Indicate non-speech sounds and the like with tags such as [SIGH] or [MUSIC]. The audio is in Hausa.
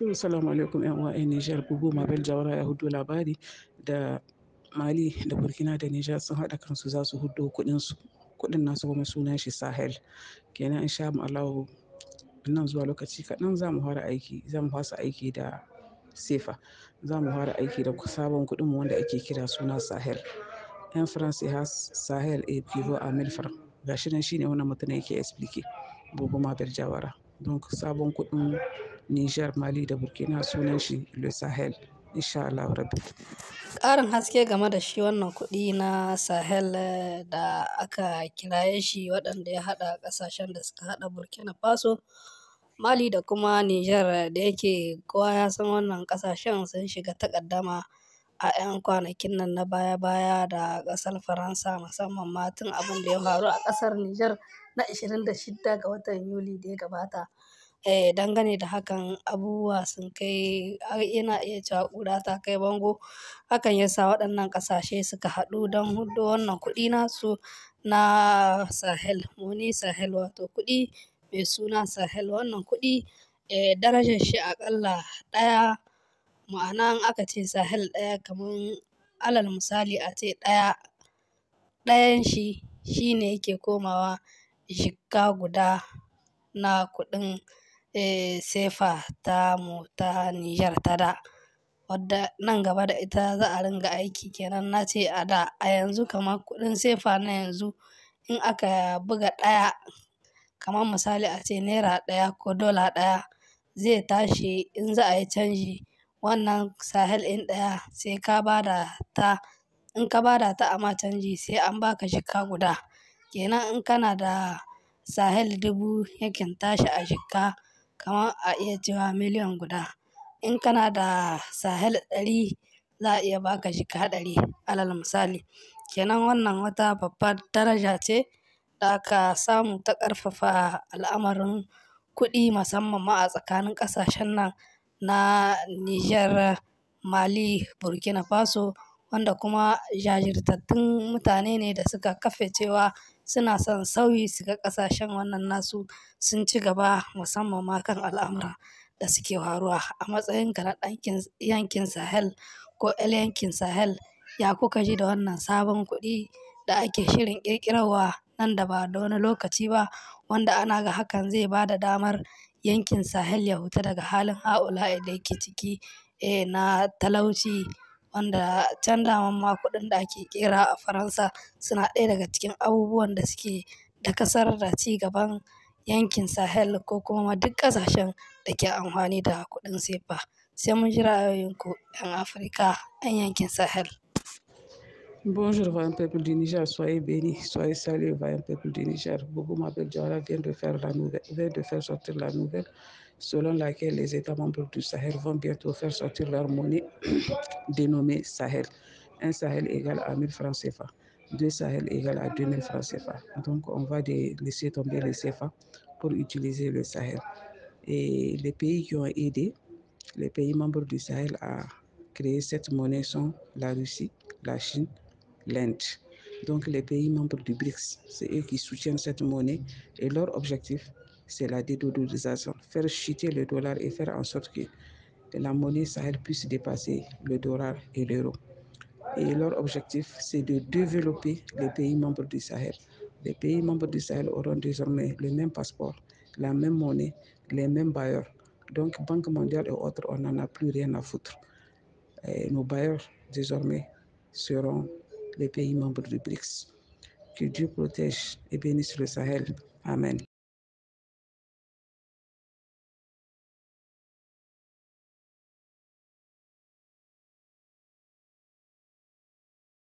Yau salamu alaikum ‘yan uwa Nijar Bugu Mabel Jawara ya hudu labari da Mali da Burkina da Nijar sun haɗa kansu za su hudu kuɗinsu. Kuɗin nasu kuma sunan shi Sahel. Kenan insha sha Allah nan zuwa lokaci kaɗan za mu fara aiki za mu fasa aiki da sefa za mu fara aiki da sabon kuɗinmu wanda ake kira suna Sahel. ‘Yan Faransa ya Sahel a Pivo Amil Faran. Gashi nan shine wannan mutum yake explique. Bugu Mabel Jawara. Don sabon kuɗin Nijar, Mali da Burkina sunan shi Le Sahel. Insha Allah rabbi. Ƙarin haske game da shi wannan kuɗi na Sahel eh, da aka kiraye shi waɗanda ya haɗa ƙasashen da suka haɗa Burkina Faso, Mali da kuma Nijar eh, da yake kowa ya san wannan ƙasashen sun shiga takaddama a 'yan kwanakin nan na baya-baya da ƙasar Faransa musamman ma tun abin da ya faru a ƙasar Nijar na 26 ga watan Yuli da ya gabata. eh, dangane da hakan abubuwa sun kai yana iya cewa kura ta kai bango. Hakan ya sa waɗannan ƙasashe suka haɗu don hudu wannan kuɗi nasu na Sahel, Muni Sahel wato kuɗi mai suna Sahel. Wannan kuɗi eh, darajar shi aƙalla ɗaya ma'ana aka ce Sahel ɗaya kamar alal misali a ce ɗaya ɗayan shi shine yake komawa shiga guda na kuɗin eh, sefa ta mu ta Nijar ta da. Wadda nan gaba da ita za a ringa aiki kenan na ce a da a yanzu kamar kuɗin sefa na yanzu in aka buga ɗaya kamar misali a ce naira ɗaya ko dola ɗaya zai tashi in za a yi canji wannan sahel ɗin ɗaya sai ka bada ta in ka bada ta a ma canji sai an baka shika guda kenan in kana da sahel dubu yakin tashi a shika kamar a iya cewa miliyan guda. In kana da sahel ɗari za a iya baka jika ɗari alal misali. Kenan wannan wata babbar daraja ce da aka samu ta ƙarfafa al'amarin kuɗi musamman ma a tsakanin ƙasashen nan na Nijar, Mali, Burkina Faso. wanda kuma jajirtattun mutane ne da suka kafe cewa suna son sauyi su ga kasashen wannan nasu sun ci gaba musamman ma kan al'amura da suke faruwa a matsayin ka na yankin Sahel ko el yankin Sahel ya kuka ji da wannan sabon kuɗi da ake shirin ƙirƙirarwa nan da ba da wani lokaci ba wanda ana ga hakan zai ba da damar yankin Sahel ya huta daga halin ha'ula'i da yake ciki eh, na talauci wanda can daman ma kuɗin da ake kera a Faransa suna ɗaya daga cikin abubuwan da suke da kasar da ci gaban yankin Sahel ko kuma duk ƙasashen da ke amfani da kuɗin sefa. Sai mun jira ra'ayoyinku 'yan Afirka 'yan yankin Sahel. Bonjour, vaillant peuple du Niger, soyez bénis, soyez salués, vaillant peuple du Niger. Beaucoup m'appellent Diawara vient de faire la nouvelle, vient de faire sortir la nouvelle. selon laquelle les États membres du Sahel vont bientôt faire sortir leur monnaie [CLEARS THROAT] dénommée Sahel. Un Sahel égale à 1000 francs CFA. Deux Sahel égale à 2000 francs CFA. Donc, on va laisser tomber les CFA pour utiliser le Sahel. Et les pays qui ont aidé, les pays membres du Sahel à créer cette monnaie sont la Russie, la Chine, l'Inde. Donc les pays membres du BRICS, c'est eux qui soutiennent cette monnaie et leur objectif, c'est la dédollarisation. Faire chuter le dollar et faire en sorte que la monnaie Sahel puisse dépasser le dollar et l'euro. Et leur objectif, c'est de développer les pays membres du Sahel. Les pays membres du Sahel auront désormais le même passeport, la même monnaie, les mêmes bailleurs. Donc, Banque mondiale et autres, on n'en a plus rien à foutre. Et nos bailleurs, désormais, seront les pays membres du BRICS. Que Dieu protège et bénisse le Sahel. Amen.